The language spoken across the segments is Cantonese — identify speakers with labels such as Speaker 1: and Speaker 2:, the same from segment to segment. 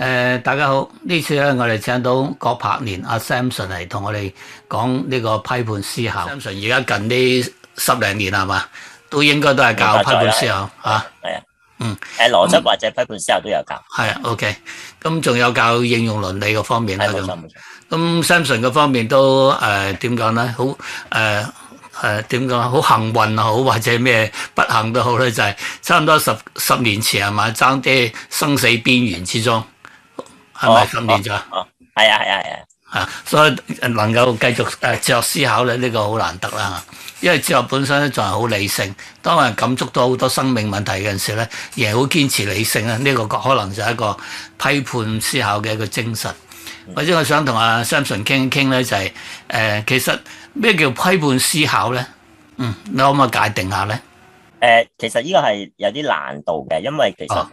Speaker 1: 誒，大家好！呢次咧，我哋請到郭柏年阿 Samson 嚟同我哋講呢個批判思考。Samson 而家近呢十零年係嘛，都應該都係教批判思考吓，係啊，嗯，係
Speaker 2: 邏輯或者批判思考都有
Speaker 1: 教，係啊，OK。咁仲有教應用倫理個方面啦，仲咁 Samson 個方面都誒點講咧？好誒誒點講？好幸運好或者咩不幸都好咧，就係差唔多十十年前係嘛，爭啲生死邊緣之中。係咪訓練咗？係、哦哦哦、啊，係啊，係啊！嚇、so,，所以能夠繼續誒哲學思考咧，呢、這個好難得啦。因為哲學本身咧，仲係好理性。當人感觸到好多生命問題嘅陣時咧，亦然好堅持理性咧。呢、這個可能就係一個批判思考嘅一個精神。嗯、或者我想同阿 Samson 傾一傾咧，就係、是、誒、呃，其實咩叫批判思考咧？嗯，你可唔可以界定下咧？
Speaker 2: 誒、呃，其實呢個係有啲難度嘅，因為其實、哦、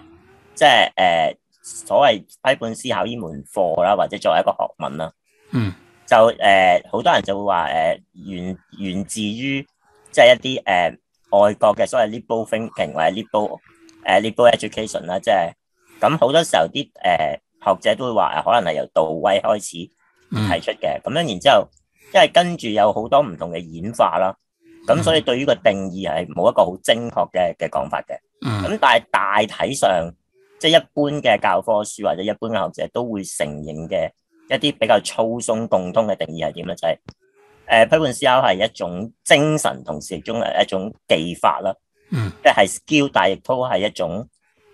Speaker 2: 即係誒。呃所謂批判思考呢門課啦，或者作為一個學問啦，嗯，就誒，好、呃、多人就會話誒、呃、源源自於即係一啲誒、呃、外國嘅所謂 liberal thinking 或者 liberal 誒 liberal education 啦、就是，即係咁好多時候啲誒、呃、學者都會話誒可能係由杜威開始提出嘅，咁樣、嗯、然之後，因為跟住有好多唔同嘅演化啦，咁所以對於個定義係冇一個好精確嘅嘅講法嘅，咁但係大體上。即係一般嘅教科書或者一般嘅學者都會承認嘅一啲比較粗鬆共通嘅定義係點咧？就係、是、誒、呃、批判思考係一種精神，同時亦係一種技法啦。嗯。即係 skill，但亦都係一種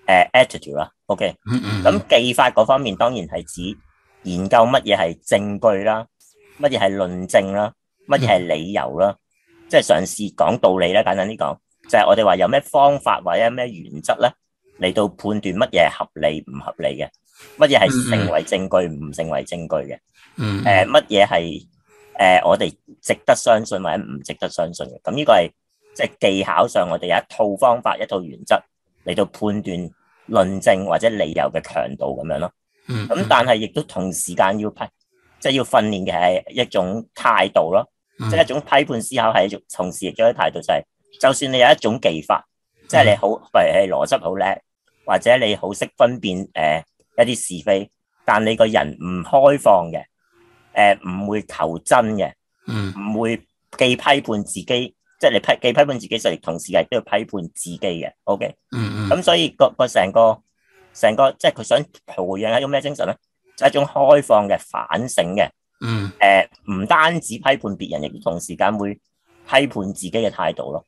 Speaker 2: 誒 attitude 啦。呃、attitude, OK 嗯嗯。咁技法嗰方面當然係指研究乜嘢係證據啦，乜嘢係論證啦，乜嘢係理由啦，即、就、係、是、嘗試講道理咧。簡單啲講，就係、是、我哋話有咩方法或者有咩原則咧。嚟到判斷乜嘢係合理唔合理嘅，乜嘢係成為證據唔成為證據嘅，誒乜嘢係誒我哋值得相信或者唔值得相信嘅。咁呢個係即係技巧上我哋有一套方法，一套原則嚟到判斷論證或者理由嘅強度咁樣咯。咁、嗯、但係亦都同時間要批，即、就、係、是、要訓練嘅係一種態度咯，即係、嗯、一種批判思考係一種同時亦都係態度、就是，就係就算你有一種技法。即係你好，譬如係邏輯好叻，或者你好識分辨誒、呃、一啲是非，但你個人唔開放嘅，誒、呃、唔會求真嘅，嗯，唔會既批判自己，即係你批既批判自己，就同時亦都要批判自己嘅，OK，嗯嗯，咁、嗯、所以個個成個成個即係佢想培養一種咩精神咧？就係，一種開放嘅反省嘅，嗯，誒、嗯、唔、呃、單止批判別人，亦同時間會批判自己嘅態度咯。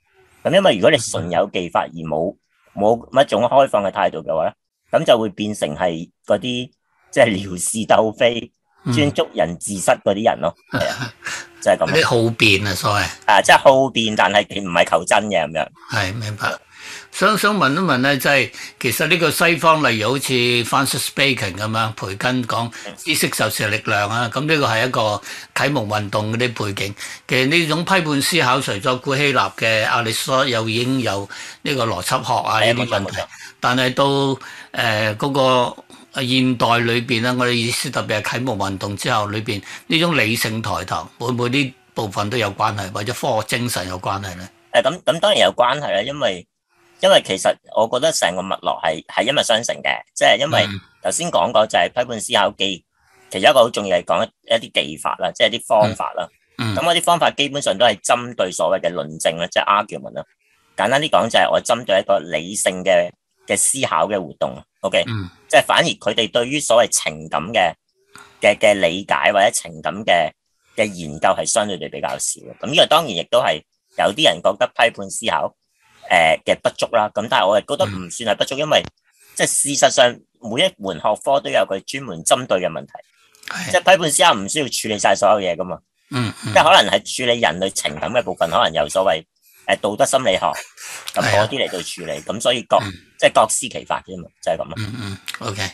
Speaker 2: 咁因為如果你純有技法而冇冇一種開放嘅態度嘅話咧，咁就會變成係嗰啲即係撩事鬥非、專捉人字蝨嗰啲人咯，就係、是、咁。啲好
Speaker 1: 辯啊所謂，
Speaker 2: 啊即係好辯，但係佢唔係求真嘅咁樣。
Speaker 1: 係明白。想想問一問咧，即係其實呢個西方例如好似 Francis Bacon 咁樣，培根講知識就是力量啊。咁呢個係一個啟蒙運動嗰啲背景。其實呢種批判思考，除咗古希臘嘅亞里士多，有已經有呢個邏輯學啊呢啲問題。冇錯。但係到誒嗰個現代裏邊咧，我哋意思特別係啟蒙運動之後裏邊呢種理性抬頭，會唔會啲部分都有關係，或者科學精神有關係咧？誒、嗯，
Speaker 2: 咁、嗯、咁、嗯嗯、當然有關係啦，因為因為其實我覺得個脈絡因為成個脈絡係係一脈相承嘅，即係因為頭先講過就係批判思考基，其中一個好重要係講一啲技法啦，即係啲方法啦。咁嗰啲方法基本上都係針對所謂嘅論證啦，即係 argument 啦。簡單啲講就係我針對一個理性嘅嘅思考嘅活動，OK，、嗯、即係反而佢哋對於所謂情感嘅嘅嘅理解或者情感嘅嘅研究係相對地比較少嘅。咁呢個當然亦都係有啲人覺得批判思考。誒嘅不足啦，咁但係我係覺得唔算係不足，因為即係事實上每一門學科都有佢專門針對嘅問題，即係的批判思考唔需要處理晒所有嘢噶嘛，
Speaker 3: 即係、嗯嗯、可能
Speaker 2: 係處理人類情感嘅部分，可能由所謂誒道德心理學咁嗰啲嚟到處理，咁的所以各即係、嗯、各司其法啫嘛，就係咁咯。嗯
Speaker 1: ，OK，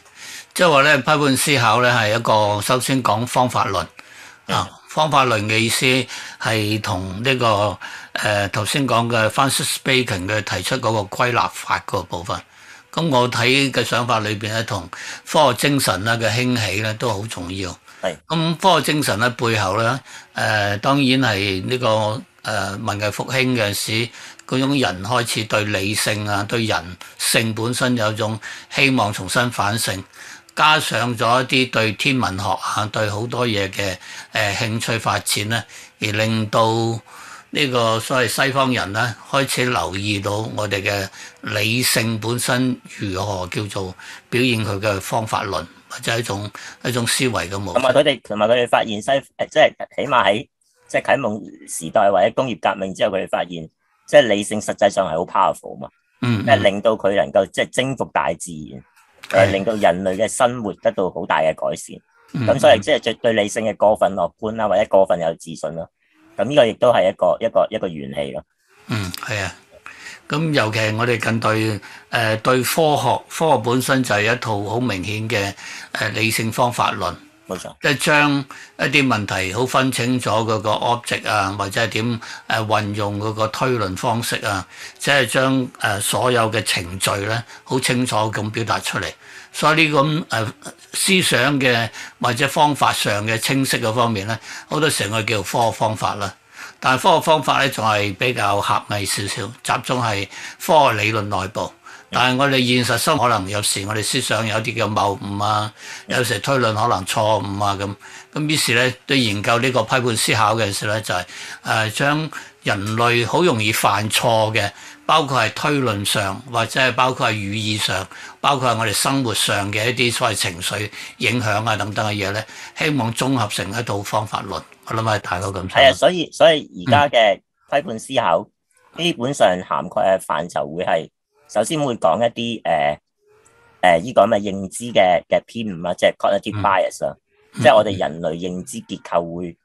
Speaker 1: 即係話咧批判思考咧係一個首先講方法論啊。嗯嗯方法論嘅意思係同呢個誒頭、呃、先講嘅 Francis Bacon 嘅提出嗰個歸納法個部分。咁我睇嘅想法裏邊咧，同科學精神咧嘅興起咧都好重要。係咁是，科學精神喺背後咧，誒、呃、當然係呢、這個誒、呃、文藝復興嘅時嗰種人開始對理性啊，對人性本身有一種希望重新反省。加上咗一啲對天文學啊，對好多嘢嘅誒興趣發展咧，而令到呢個所謂西方人咧開始留意到我哋嘅理性本身如何叫做表現佢嘅方法論，或者一種一種思維嘅模式。同埋佢
Speaker 2: 哋，同埋佢哋發現西，誒即係起碼喺即係啟蒙時代或者工業革命之後，佢哋發現即係理性實際上係好 powerful 嘛、mm，嗯，即係令到佢能夠即係征服大自然。誒，令到人類嘅生活得到好大嘅改善，咁、嗯、所以即係對理性嘅過分樂觀啦，或者過分有自信咯，咁呢個亦都係一個一個一個元氣咯。嗯，
Speaker 1: 係啊，咁尤其係我哋近代誒、呃、對科學，科學本身就係一套好明顯嘅誒理性方法論。即係將一啲問題好分清楚嗰個 object 啊，或者係點誒運用嗰個推論方式啊，即係將誒所有嘅程序咧好清楚咁表達出嚟。所以呢咁誒思想嘅或者方法上嘅清晰嘅方面咧，好多時候我叫科學方法啦。但係科學方法咧仲係比較狹隘少少，集中係科學理論內部。但係我哋現實生，可能有時我哋思想有啲嘅謬誤啊，有時推論可能錯誤啊咁，咁於是咧對研究呢個批判思考嘅時候咧就係、是、誒、呃、將人類好容易犯錯嘅，包括係推論上或者係包括係語義上，包括係我哋生活上嘅一啲所謂情緒影響啊等等嘅嘢咧，希望綜合成一套方法論。我諗係大概咁。所以所以而家嘅批判思考
Speaker 2: 基本上涵蓋嘅範疇會係。首先會講一啲誒誒依個咁嘅認知嘅嘅偏誤啦，5, 即係 cognitive bias 啦，即係我哋人類認知結構會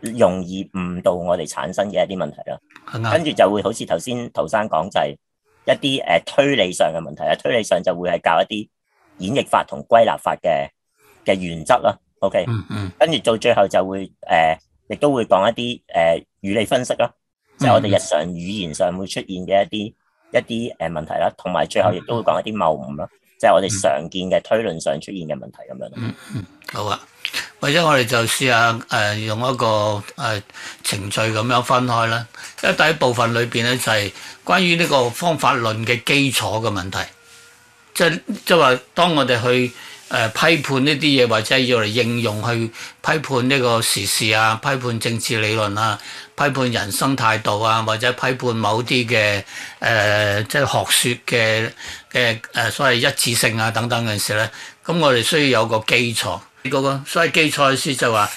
Speaker 2: 容易誤導我哋產生嘅一啲問題啦。嗯、跟住就會好似頭先陶生講就係、是、一啲誒、呃、推理上嘅問題啦，推理上就會係教一啲演繹法同歸納法嘅嘅原則啦。OK，、嗯嗯、跟住到最後就會誒、呃、亦都會講一啲誒、呃、語理分析啦，即係我哋日常語言上會出現嘅一啲。一啲誒問題啦，同埋最後亦都會講一啲謬誤咯，即係、嗯、我哋常見嘅推論上出現嘅問題咁樣。
Speaker 1: 嗯嗯，好啊，或者我哋就試下誒用一個誒、呃、程序咁樣分開啦，因為第一部分裏邊咧就係關於呢個方法論嘅基礎嘅問題，即即係話當我哋去。誒、呃、批判呢啲嘢，或者要嚟應用去批判呢個時事啊，批判政治理論啊，批判人生態度啊，或者批判某啲嘅誒即係學説嘅嘅誒所謂一致性啊等等嘅陣時咧，咁我哋需要有個基礎，嗰、那個所謂基礎意思就係話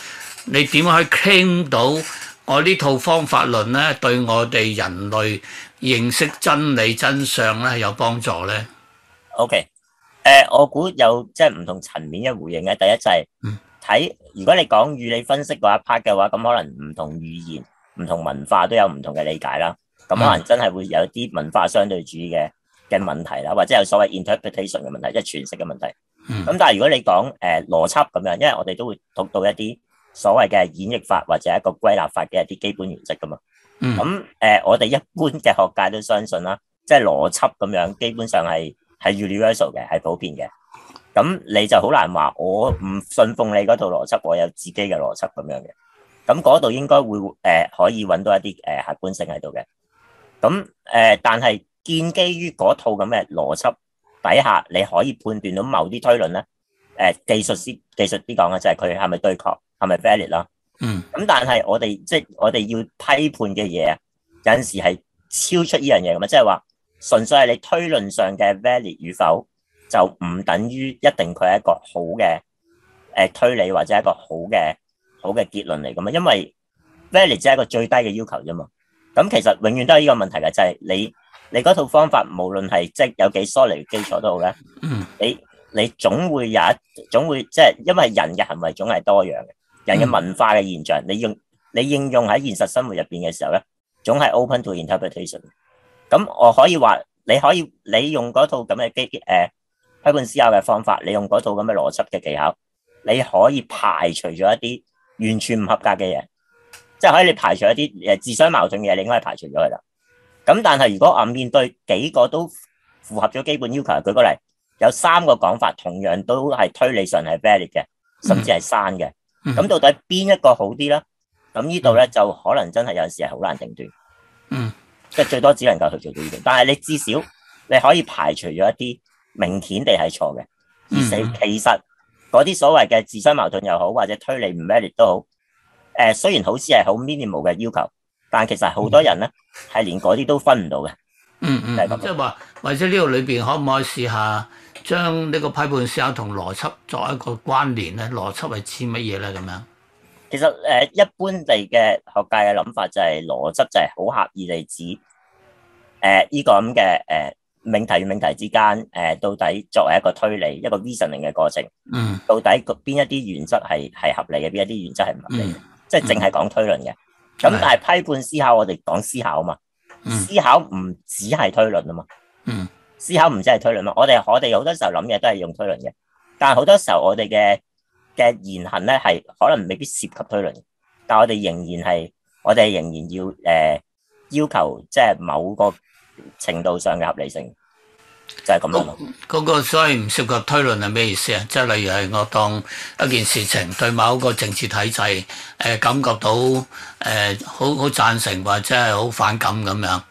Speaker 1: 你點樣去傾到我呢套方法論咧對我哋人類認識真理真相咧有幫助咧？OK。誒，
Speaker 2: 我估有即係唔同層面嘅回應嘅。第一就係、是、睇，如果你講語理分析嗰一 part 嘅話，咁可能唔同語言、唔同文化都有唔同嘅理解啦。咁可能真係會有啲文化相對主義嘅嘅問題啦，或者有所謂 interpretation 嘅問題，即係詮釋嘅問題。咁、嗯、但係如果你講誒邏輯咁樣，因為我哋都會讀到一啲所謂嘅演繹法或者一個歸納法嘅一啲基本原則噶嘛。
Speaker 3: 咁誒、嗯
Speaker 2: 呃，我哋一般嘅學界都相信啦，即係邏輯咁樣，基本上係。係 universal 嘅，係普遍嘅。咁你就好難話，我唔信奉你嗰套邏輯，我有自己嘅邏輯咁樣嘅。咁嗰度應該會誒、呃、可以揾到一啲誒、呃、客觀性喺度嘅。咁誒、呃，但係建基於嗰套咁嘅邏輯底下，你可以判斷到某啲推論咧。誒、呃，技術先技術啲講啊，就係佢係咪對確，係咪 valid 咯？嗯。咁但係我哋即係我哋要批判嘅嘢，有陣時係超出呢樣嘢咁啊，即係話。純粹係你推論上嘅 valid 與否，就唔等於一定佢係一個好嘅誒、呃、推理或者一個好嘅好嘅結論嚟㗎嘛？因為 valid 只係一個最低嘅要求啫嘛。咁其實永遠都係呢個問題嘅，就係、是、你你嗰套方法無論係即係有幾 solid 基礎都好咧，你你總會有一總會即係、就是、因為人嘅行為總係多樣嘅，人嘅文化嘅現象，你用你應用喺現實生活入邊嘅時候咧，總係 open to interpretation。咁我可以話，你可以你用嗰套咁嘅基誒批判思考嘅方法，你用嗰套咁嘅邏輯嘅技巧，你可以排除咗一啲完全唔合格嘅嘢，即係可以你排除一啲誒自相矛盾嘅嘢，你應該係排除咗佢啦。咁但係如果我面對幾個都符合咗基本要求，舉個例，有三個講法同樣都係推理上係 valid 嘅，甚至係 sound 嘅，咁、嗯、到底邊一個好啲咧？咁呢度咧就可能真係有陣時係好難定斷。嗯。即係最多只能夠去做到呢啲，但係你至少你可以排除咗一啲明顯地係錯嘅。而嗯，其實嗰啲所謂嘅自相矛盾又好，或者推理唔 valid 都好，誒、呃，雖然好似係好 minimal 嘅要求，但其實好多人咧係、嗯、連嗰啲都
Speaker 1: 分唔到嘅。嗯嗯，即係話，或者呢度裏邊可唔可以試下將呢個批判性同邏輯作一個關聯咧？邏輯係指乜嘢咧？咁樣？其
Speaker 2: 實誒、呃，一般地嘅學界嘅諗法就係邏輯就係好狹義地指誒呢、呃這個咁嘅誒命題與命題之間誒、呃、到底作為一個推理一個 reasoning 嘅過程，嗯，到底邊一啲原則係係合理嘅，邊一啲原則係唔合理嘅。嗯、即係淨係講推論嘅。咁、嗯、但係批判思考我哋講思考啊嘛，嗯、思考唔只係推論啊嘛，嗯，嗯思考唔只係推論嘛，我哋我哋好多時候諗嘢都係用推論嘅，但係好多時候我哋嘅。嘅言行咧，係可能未必涉及推論，但我哋仍然係，我哋仍然要誒、呃、要求，即係某個程度上嘅合理性，就係咁咯。
Speaker 1: 嗰、那個所謂唔涉及推論係咩意思啊？即係例如係我當一件事情對某一個政治體制誒、呃、感覺到誒好好贊成或者係好反感咁樣，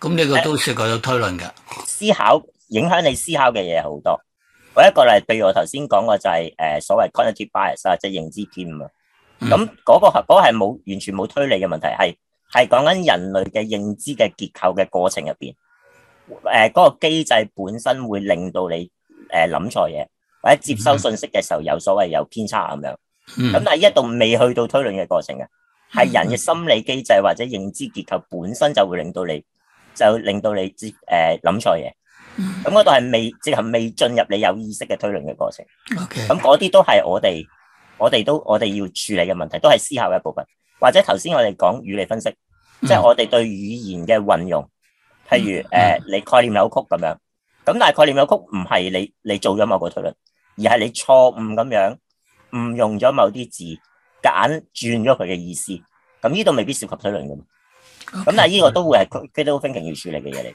Speaker 1: 咁呢個都涉及咗推論嘅、呃、思考，影響你思考嘅嘢好多。有
Speaker 2: 一個例，譬如我頭先講過就係、是、誒、呃、所謂 cognitive bias 啊，即係認知偏誤、嗯。咁嗰、那個係嗰、那個冇完全冇推理嘅問題，係係講緊人類嘅認知嘅結構嘅過程入邊，誒、呃、嗰、那個機制本身會令到你誒諗、呃、錯嘢，或者接收信息嘅時候有所謂有偏差咁樣。咁但係一度未去到推論嘅過程嘅，係人嘅心理機制或者認知結構本身就會令到你，就令到你接誒諗錯嘢。咁嗰度係未，即係未進入你有意識嘅推論嘅過程。咁嗰啲都係我哋，我哋都我哋要處理嘅問題，都係思考嘅一部分。或者頭先我哋講語理分析，即係、嗯、我哋對語言嘅運用，譬如誒、呃、你概念扭曲咁樣。咁但係概念扭曲唔係你你做咗某個推論，而係你錯誤咁樣誤用咗某啲字，夾硬轉咗佢嘅意思。咁呢度未必涉及推論嘅。咁 Okay. 但係依個都會係 critical thinking 要處理嘅嘢嚟嘅，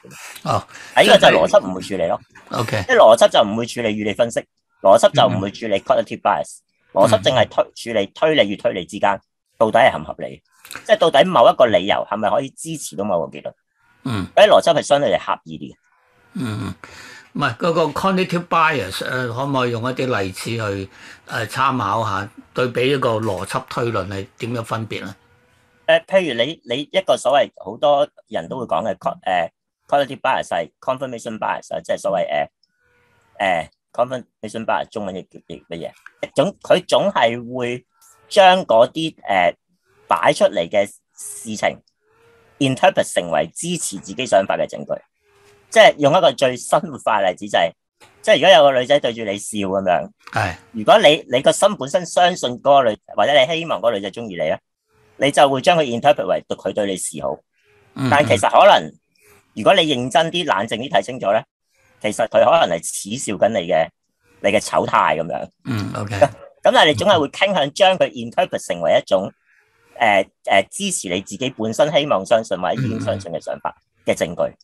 Speaker 2: 哦，
Speaker 1: 喺依個就邏輯
Speaker 2: 唔會處理咯，OK，即係邏輯就唔會處理語理分析，邏輯就唔會處理 cognitive bias，邏輯淨係推處理推理與推理之間到底係合唔合理，即係到底某一個理由係咪可以支持到某個結論？嗯，誒，邏輯係相對係狹義啲嘅，嗯嗯，
Speaker 1: 唔係嗰個 cognitive bias 誒、呃，可唔可以用一啲例子去誒參、呃、考下，對比一個邏輯推論係點樣分別咧？
Speaker 2: 誒、呃，譬如你你一個所謂好多人都會講嘅，誒、呃、，quality bias、confirmation bias，、啊、即係所謂誒誒、呃、confirmation bias，中文叫叫乜嘢？總佢總係會將嗰啲誒擺出嚟嘅事情 interpret 成為支持自己想法嘅證據。即係用一個最生活化例子就係、是，即係如果有個女仔對住你笑咁樣，係的，如果你你個心本身相信嗰個女，或者你希望嗰個女仔中意你咧。你就會將佢 interpret 為佢對你示好，
Speaker 1: 但係其
Speaker 2: 實可能如果你認真啲、冷靜啲睇清楚咧，其實佢可能係恥笑緊你嘅，你嘅醜態咁樣。嗯，OK。咁 但係你總係會傾向將佢 interpret 成為一種誒誒、呃呃、支持你自己本身希望相信或者已經相信嘅想法嘅證據。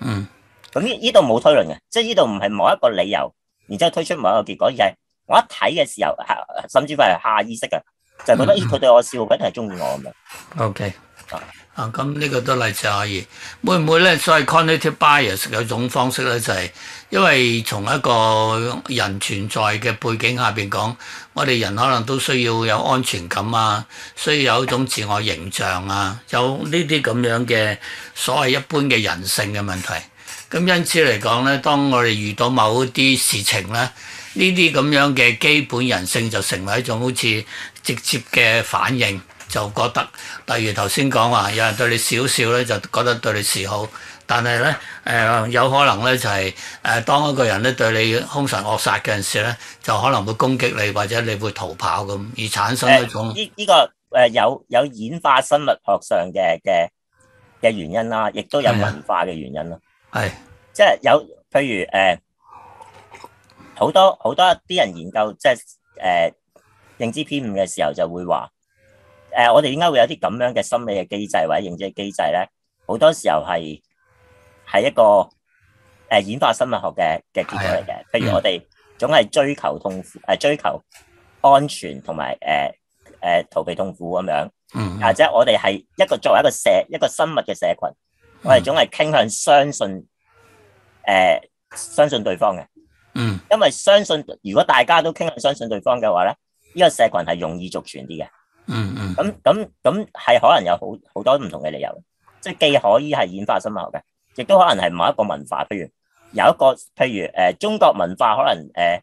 Speaker 2: 嗯。咁呢呢度冇推論嘅，即係呢度唔係某一個理由，然之後推出某一個結果，而係我一睇嘅時候，甚至乎係下意識嘅。就
Speaker 1: 覺得佢對我笑緊，係中意我咁樣。OK，啊，咁呢個都例子可以。會唔會咧？所謂 conscious bias 有一種方式咧，就係因為從一個人存在嘅背景下邊講，我哋人可能都需要有安全感啊，需要有一種自我形象啊，有呢啲咁樣嘅所謂一般嘅人性嘅問題。咁因此嚟講咧，當我哋遇到某一啲事情咧。呢啲咁樣嘅基本人性就成為一種好似直接嘅反應，就覺得，例如頭先講話，有人對你笑笑咧，就覺得對你示好，但係咧，誒、呃、有可能咧就係、是、誒、呃、當一個人咧對你兇神惡煞嘅陣時咧，就可能會攻擊你或者你會逃跑咁，而產生一種呢呢、
Speaker 2: 呃這個誒、呃、有有演化生物學上嘅嘅嘅原因啦，亦都有文化嘅原因咯，係即係有譬如誒。呃好多好多啲人研究即係誒認知偏誤嘅時候，就會話誒、呃、我哋應該會有啲咁樣嘅心理嘅機制或者認知嘅機制咧。好多時候係係一個誒演化生物學嘅嘅結果嚟嘅。譬如我哋總係追求痛苦誒、呃、追求安全同埋誒誒逃避痛苦咁樣，嗯、或者我哋係一個作為一個社一個生物嘅社群，我哋總係傾向相信誒、呃、相信對方嘅。因為相信，如果大家都傾向相信對方嘅話咧，呢、這個社群係容易續存啲嘅。嗯
Speaker 3: 嗯。咁
Speaker 2: 咁咁係可能有好好多唔同嘅理由，即係既可以係演化生物學嘅，亦都可能係某一個文化，譬如有一個譬如誒、呃、中國文化可能誒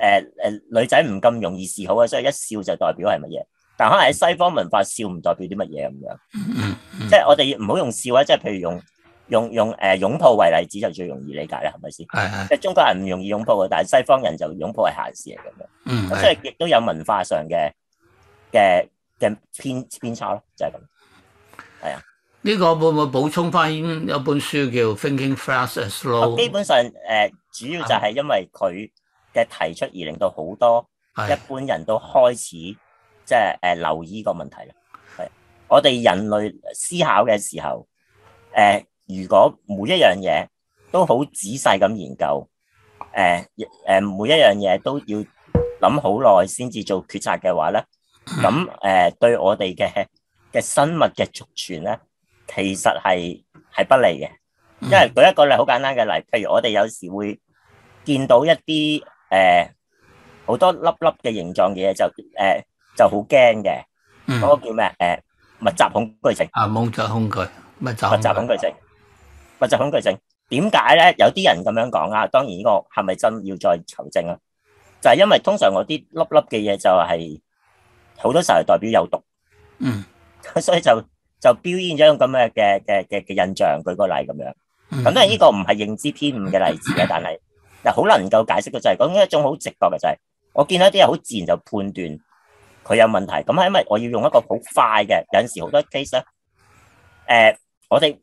Speaker 2: 誒誒女仔唔咁容易示好啊，所以一笑就代表係乜嘢？但可能喺西方文化笑唔代表啲乜嘢咁樣。嗯嗯嗯、即係我哋唔好用笑啊，即係譬如用。用用誒擁、呃、抱為例子就最容易理解啦，係咪先？係即係中國人唔容易擁抱嘅，但係西方人就擁抱係閒事嚟咁樣。嗯，所以亦都有文化上嘅嘅嘅
Speaker 1: 偏偏差咯，就係、是、咁。係啊。呢個會唔會補充返有本書叫《Thinking Fast and Slow》基本
Speaker 2: 上誒、呃，主要就係因為佢嘅提出而令到好多的一般人都開始即係誒留意個問題啦。係，我哋人類思考嘅時候，誒、呃。呃呃如果每一樣嘢都好仔細咁研究，誒、呃、誒、呃，每一樣嘢都要諗好耐先至做決策嘅話咧，咁誒、呃、對我哋嘅嘅生物嘅續存咧，其實係係不利嘅，因為舉一個例好簡單嘅例，譬如我哋有時會見到一啲誒好多粒粒嘅形狀嘅嘢、呃，就誒就好驚嘅，嗰個、嗯、叫咩？誒密集恐懼症。啊，密集恐懼，
Speaker 1: 密集恐
Speaker 2: 懼症。啊我就恐懼症點解咧？有啲人咁樣講啊！當然呢個係咪真要再求證啊？就係因為通常我啲粒粒嘅嘢就係好多時候代表有毒，
Speaker 3: 嗯，
Speaker 2: 所以就就表現咗種咁嘅嘅嘅嘅印象。舉個例咁樣，咁咧呢個唔係認知偏誤嘅例子嘅，但係又好能夠解釋嘅就係講一種好直覺嘅，就係我見到啲人好自然就判斷佢有問題。咁係因為我要用一個好快嘅，有陣時好多 case 咧，誒我哋。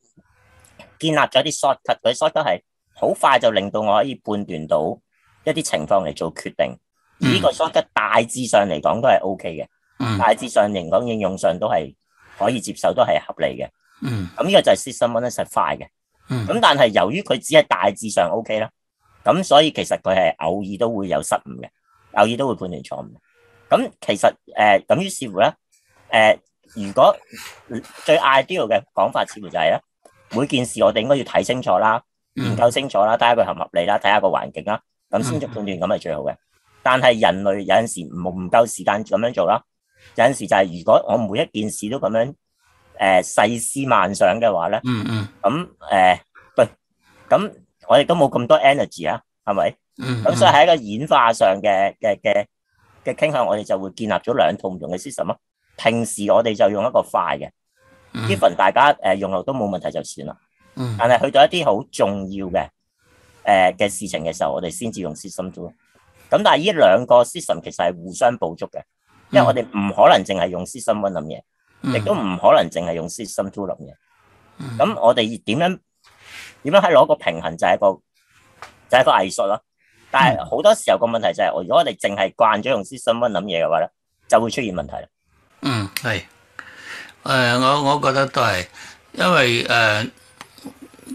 Speaker 2: 建立咗啲 shortcut，佢 shortcut 都係好快就令到我可以判斷到一啲情況嚟做決定。呢個 shortcut 大致上嚟講都係 O K 嘅，mm. 大致上嚟講應用上都係可以接受，都係合理嘅。咁呢、mm. 個就係 system one 咧實快嘅。咁、mm. 但係由於佢只係大致上 O K 啦，咁所以其實佢係偶爾都會有失誤嘅，偶爾都會判斷錯誤。咁其實誒，咁、呃、於是乎咧，誒、呃，如果最 ideal 嘅講法似乎就係、是、咧。每件事我哋應該要睇清楚啦，研究清楚啦，睇下佢合唔合理啦，睇下個環境啦，咁先至判斷咁係最好嘅。但係人類有陣時唔唔夠時間咁樣做啦，有陣時就係如果我每一件事都咁樣誒細、呃、思萬想嘅話咧，咁誒、呃、對，咁我哋都冇咁多 energy 啊，係咪？咁所以喺一個演化上嘅嘅嘅嘅傾向，我哋就會建立咗兩套唔同嘅 system 咯。平時我哋就用一個快嘅。even 大家誒用落都冇問題就算啦，嗯、但係去到一啲好重要嘅誒嘅事情嘅時候，我哋先至用 system two。咁但係呢兩個 system 其實係互相補足嘅，嗯、因為我哋唔可能淨係用 system One 諗嘢，嗯、亦都唔可能淨係用 system two 諗嘢。咁、嗯、我哋點樣點樣喺攞個平衡就係一個就係、是、個藝術咯、啊。但係好多時候個問題就係、是、如果我哋淨係慣咗用 system One 諗嘢嘅話咧，就會出現問題啦。嗯，
Speaker 1: 係。誒我、嗯、我覺得都係，因為誒、呃、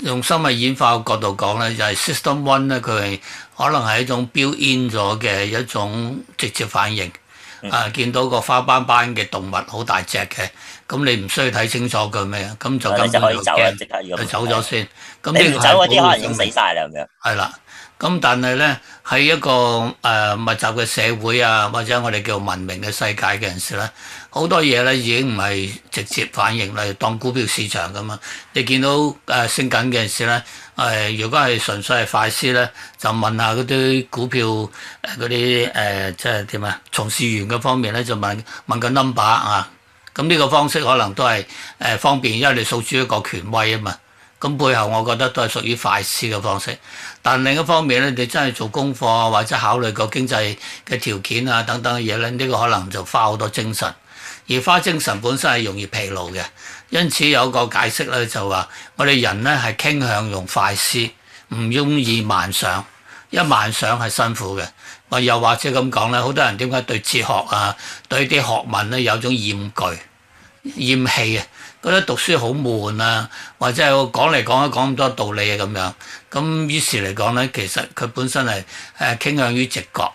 Speaker 1: 用生物演化嘅角度講咧，就係、是、system one 咧，佢可能係一種 built in 咗嘅一種直接反應。
Speaker 2: 嗯、啊，見
Speaker 1: 到個花斑斑嘅動物好大隻嘅，咁你唔需要睇清楚佢咩啊，咁就急急忙忙佢走咗先。咁你唔走啲可能已經死晒啦，咁樣。係啦，咁但係咧喺一個誒、呃、密集嘅社會啊，或者我哋叫文明嘅世界嘅陣時咧。好多嘢咧已經唔係直接反應嚟當股票市場咁嘛。你見到誒升緊嘅事咧，誒如果係純粹係快思咧，就問下嗰啲股票誒嗰啲誒即係點啊？從事員嘅方面咧就問問緊 number 啊！咁呢個方式可能都係誒方便，因為你訴諸一個權威啊嘛。咁背後我覺得都係屬於快思嘅方式。但另一方面咧，你真係做功課或者考慮個經濟嘅條件啊等等嘅嘢咧，呢個可能就花好多精神。而花精神本身係容易疲勞嘅，因此有個解釋呢就話、是：我哋人呢係傾向用快思，唔容易慢想，一慢想係辛苦嘅。又或者咁講呢，好多人點解對哲學啊、對啲學問呢有種厭懼、厭氣啊？覺得讀書好悶啊，或者係講嚟講去講咁多道理啊咁樣。咁於是嚟講呢，其實佢本身係誒傾向於直覺。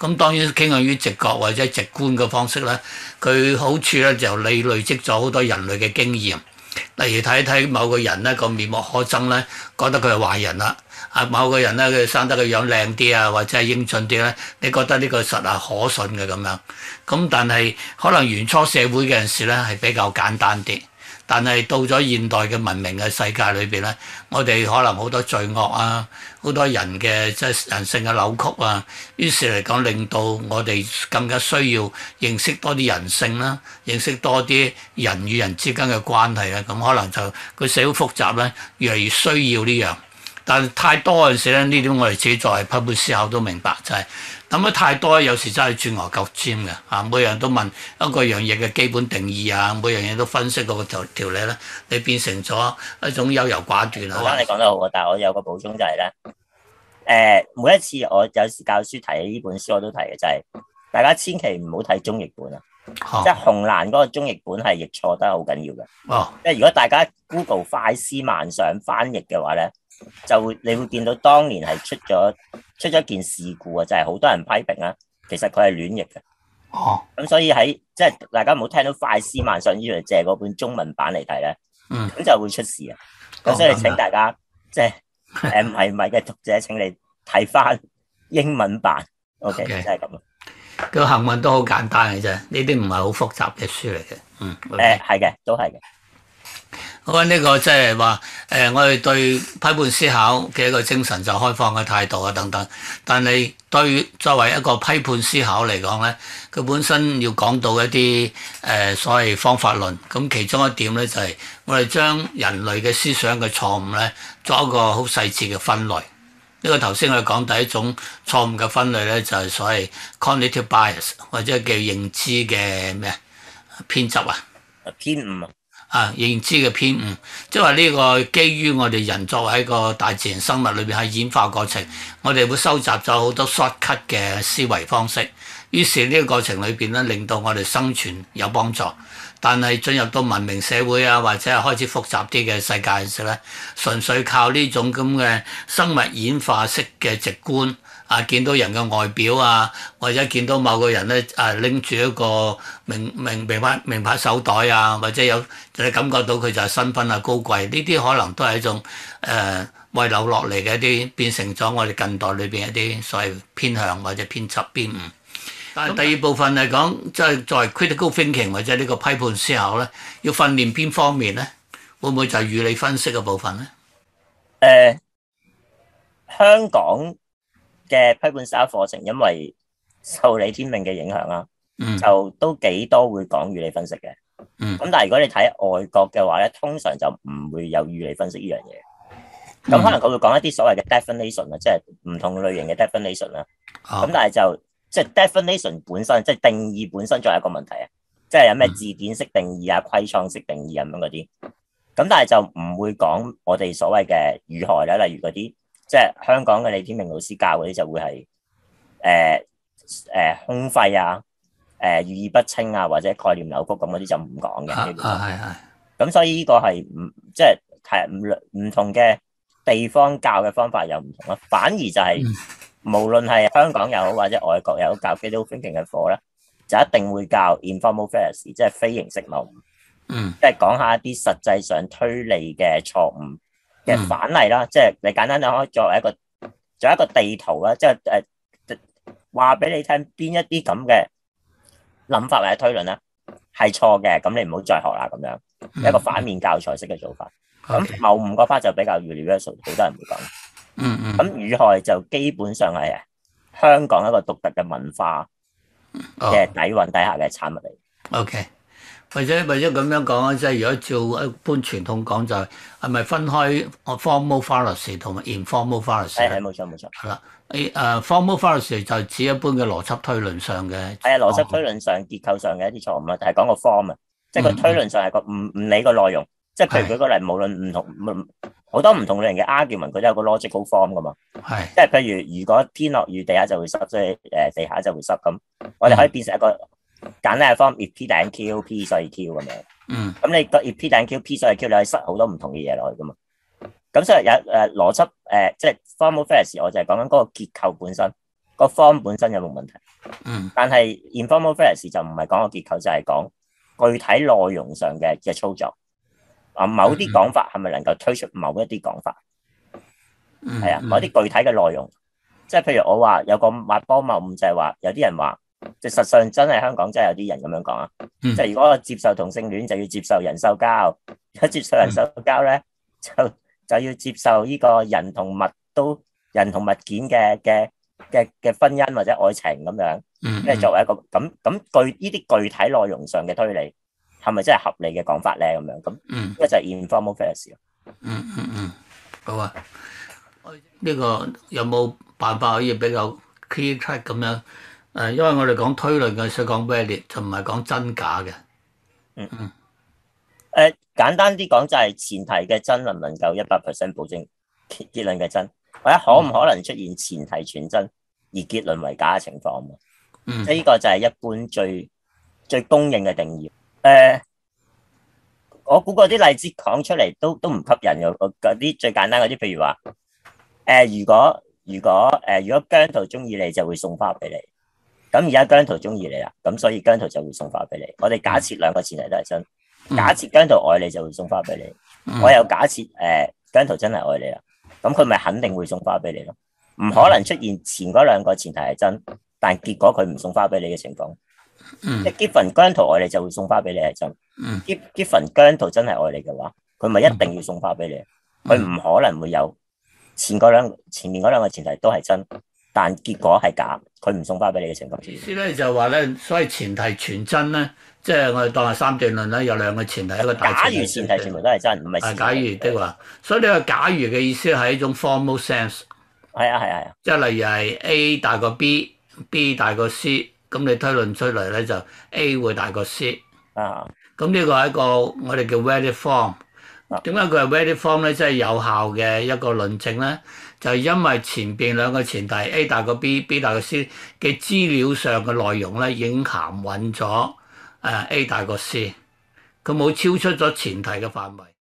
Speaker 1: 咁當然傾向於直覺或者直觀嘅方式咧，佢好處咧就你累積咗好多人類嘅經驗，例如睇一睇某個人咧個面目可憎咧，覺得佢係壞人啦；啊某個人咧佢生得個樣靚啲啊，或者係英俊啲咧，你覺得呢個實係可信嘅咁樣。咁但係可能原初社會嘅陣時咧係比較簡單啲。但係到咗現代嘅文明嘅世界裏邊咧，我哋可能好多罪惡啊，好多人嘅即係人性嘅扭曲啊，於是嚟講令到我哋更加需要認識多啲人性啦，認識多啲人與人之間嘅關係咧，咁可能就個社會複雜咧，越嚟越需要呢樣。但太多嘅時咧，呢啲我哋自己在批判思考都明白，就係諗得太多，有時真係鑽牛角尖嘅嚇。每樣都問一個樣嘢嘅基本定義啊，每樣嘢都分析嗰個條理例咧，你變成咗一種優柔寡斷啊。我覺得你講得好啊，但係我有個補充就係、是、咧，誒、呃，每一次我有時教書提起呢
Speaker 2: 本書，我都提嘅就係、是、大家千祈唔好睇中譯本啊，哦、即係洪蘭嗰個中譯本係譯錯得好緊要嘅，即係、哦、如果大家 Google 快思慢想，翻譯嘅話咧。就會你會見到當年係出咗出咗一件事故啊，就係、是、好多人批評啊，其實佢係亂譯嘅。哦，咁所以喺即係大家唔好聽到快思慢想以為，借嗰本中文版嚟睇咧，嗯，咁就會出事啊。咁所以請大家即係誒唔係唔係嘅讀者，請你睇返英文版。O
Speaker 1: K，就係咁咯。個行文都好簡單嘅啫，呢啲唔係好複雜嘅書嚟嘅。嗯，誒，
Speaker 2: 係嘅、嗯，都係嘅。
Speaker 1: 好啊！呢個即係話誒，我哋對批判思考嘅一個精神就開放嘅態度啊，等等。但係對作為一個批判思考嚟講呢，佢本身要講到一啲誒、呃、所謂方法論。咁其中一點呢，就係我哋將人類嘅思想嘅錯誤呢，作一個好細緻嘅分類。呢個頭先我哋講第一種錯誤嘅分類呢，就係所謂 cognitive bias 或者叫認知嘅咩偏執啊、偏誤。啊！認知嘅偏誤，即係話呢個基於我哋人作為一個大自然生物裏邊喺演化過程，我哋會收集咗好多 shortcut 嘅思維方式。於是呢個過程裏邊咧，令到我哋生存有幫助。但係進入到文明社會啊，或者係開始複雜啲嘅世界嘅時候咧，純粹靠呢種咁嘅生物演化式嘅直觀。啊！見到人嘅外表啊，或者見到某個人咧啊，拎住一個名名名牌名牌手袋啊，或者有就係感覺到佢就係身份啊高貴，呢啲可能都係一種誒遺留落嚟嘅一啲，變成咗我哋近代裏邊一啲所謂偏向或者偏執偏誤。但係第二部分嚟講，即係作為 critical thinking 或者呢個批判思考咧，要訓練邊方面咧，會唔會就係與你分析嘅部分咧？
Speaker 2: 誒、呃，香港。嘅批判思考課程，因為受李天命嘅影響啦，嗯、就都幾多會講語理分析嘅。咁、嗯、但係如果你睇外國嘅話咧，通常就唔會有語理分析呢樣嘢。咁、嗯、可能佢會講一啲所謂嘅 definition 啊，即係唔同類型嘅 definition 啦、哦。咁但係就即係、就是、definition 本身，即、就、係、是、定義本身，仲有一個問題啊。即係有咩字典式定義啊、規創式定義咁樣嗰啲。咁但係就唔會講我哋所謂嘅語害咧，例如嗰啲。即係香港嘅李天命老師教嗰啲，就會係誒誒空廢啊、誒、呃、語意不清啊，或者概念扭曲咁嗰啲就唔講嘅。啊，係 咁所以呢個係唔，即係唔，唔同嘅地方，教嘅方法又唔同啦。反而就係、是、 無論係香港又好，或者外國又好，教 critical thinking 嘅課咧，就一定會教 informal fallacy，即係非形式謬誤。嗯。 即係講一下一啲實際上推理嘅錯誤。嘅、嗯、反例啦，即、就、係、是、你簡單啲可以作為一個，作為一個地圖啦，即係誒話俾你聽邊一啲咁嘅諗法或者推論咧係錯嘅，咁你唔好再學啦咁樣，嗯、一個反面教材式嘅做法。
Speaker 3: 某
Speaker 2: 五個花就比較預料嘅，好多人都會講。嗯嗯。咁語害就基本上係香港一個獨特嘅文化嘅、嗯嗯、底蘊底下嘅產物嚟。Okay、
Speaker 1: okay. 或者為咗咁樣講咧，即係如果照一般傳統講，就係係咪分開我 formal fallacy 同埋 informal fallacy？係係冇錯冇錯。係啦，你誒 formal fallacy 就係指一般嘅邏輯推論上嘅。係啊，邏輯
Speaker 2: 推論上結構上嘅一啲錯誤啊，就係講個 form 啊、嗯，即係個推論上係個唔唔理個內容。即係的譬如舉個例，無論唔同好多唔同類型嘅 argument，佢都有個 logical form 噶嘛的。係。即係譬如，如果天落雨，地下就會濕，即係誒地下就會濕咁，我哋可以變成一個。嗯。簡單係 form if p 等於 q，p 所以 q 咁樣。嗯。咁你個 if p 等於 q，p 所以 q，你可以塞好多唔同嘅嘢落去噶嘛？咁、嗯嗯、所以有誒邏輯誒，即係 formal fallacy 我就係講緊嗰個結構本身，個 form 本身有冇問題？嗯。但係 informal fallacy 就唔係講個結構，就係、是、講具體內容上嘅嘅操作。啊，某啲講法係咪能夠推出某一啲講法嗯？嗯。係啊，某啲具體嘅內容，即係譬如我話有個挖波謬誤，就係、是、話有啲人話。實際上真係香港真係有啲人咁樣講啊，即係如果我接受同性戀就要接受人獸交，一接受人獸交咧就就要接受呢個人同物都人同物件嘅嘅嘅嘅婚姻或者愛情咁樣，即係作為一個咁咁具呢啲具體內容上嘅推理係咪真係合理嘅講法咧？咁樣咁，一就係 informal fallacy 咯。嗯嗯
Speaker 1: 嗯，好啊。呢個有冇辦法可以比較 clearcut 咁樣？誒，因為我哋講推論嘅，想講 valid，就唔係講真假嘅。
Speaker 2: 嗯嗯。誒、呃，簡單啲講就係前提嘅真能唔能夠一百 percent 保證結論嘅真，或者可唔可能出現前提全真而結論為假嘅情況嘛？嗯。呢個就係一般最最公認嘅定義。誒、呃，我估嗰啲例子講出嚟都都唔吸引嘅。我嗰啲最簡單嗰啲，譬如話，誒，如果如果誒、呃、如果姜濤中意你，就會送花俾你。咁而家姜濤中意你啦，咁所以姜濤就會送花俾你。我哋假設兩個前提都係真，假設姜濤愛你就會送花俾你。我又假設誒姜濤真係愛你啦，咁佢咪肯定會送花俾你咯？
Speaker 3: 唔可能
Speaker 2: 出現前嗰兩個前提係真，但結果佢唔送花俾你嘅情況。嗯、即係 given 姜濤愛你就會送花俾你係真。given 姜濤真係愛你嘅話，佢咪一定要送花俾你？佢唔可能會有前兩前面嗰兩個前提都係真，但結果係假。佢唔送返
Speaker 1: 俾你嘅情況。意思咧就話、是、咧，所謂前提全真咧，即係我哋當係三段論咧，有兩個前提，一個大前提，前提全部都係真，唔係。假如即係話，所以你話假如嘅意思係一種 formal sense。係啊係啊。啊即係例如係 A 大過 B，B 大過 C，咁你推論出嚟咧就 A 會大過 C。啊。咁呢個係一個我哋叫 valid form。啊。點解佢係 valid form 咧？即係有效嘅一個論證咧？就係因為前邊兩個前提 A 大過 B，B 大過 C 嘅資料上嘅內容咧，已經涵蘊咗誒 A 大過 C，佢冇超出咗前提嘅範圍。